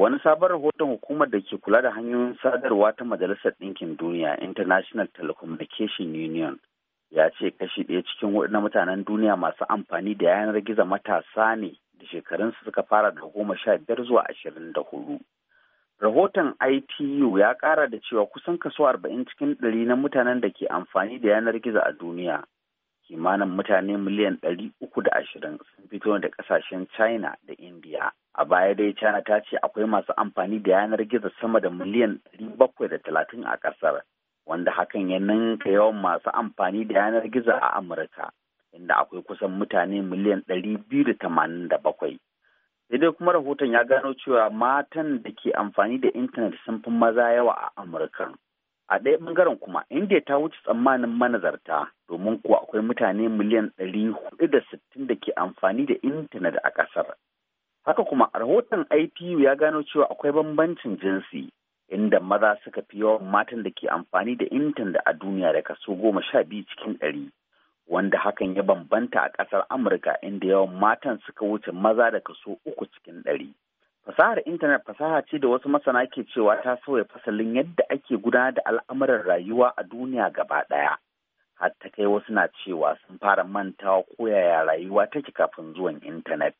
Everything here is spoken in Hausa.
Wani sabon rahoton hukumar da ke kula da hanyoyin sadarwa ta Majalisar Ɗinkin Duniya International Telecommunication Union ya ce kashi ɗaya cikin na mutanen duniya masu amfani da yanar gizo matasa ne da shekarunsu suka fara da goma sha biyar zuwa ashirin da hudu. Rahoton ITU ya ƙara da cewa kusan kaso arba'in cikin ɗari na mutanen da ke amfani da yanar gizo a duniya kimanin mutane miliyan ɗari uku da ashirin sun fito da ƙasashen China da India. a baya dai china ta ce akwai masu amfani da yanar gizo sama da miliyan 730 a kasar wanda hakan ya ninka yawan masu amfani da yanar gizo a amurka inda akwai kusan mutane miliyan 287 sai dai kuma rahoton ya gano cewa matan da ke amfani da intanet sun fi maza yawa a amurka a ɗaya ɓangaren kuma india ta wuce tsammanin manazarta domin kuwa akwai mutane miliyan 460 da ke amfani da intanet a ƙasar Haka kuma rahoton IPU ya gano cewa akwai bambancin jinsi inda maza suka fi yawan matan da ke amfani da intanet a duniya da kaso goma sha biyu cikin ɗari wanda hakan ya bambanta a ƙasar Amurka inda yawan matan suka wuce maza da kaso uku cikin ɗari. Fasahar intanet fasaha ce da wasu masana ke cewa ta sauya fasalin yadda ake gudanar da al'amuran rayuwa a duniya gaba ɗaya. Har ta kai wasu na cewa sun fara mantawa koyaya yaya rayuwa take kafin zuwan intanet.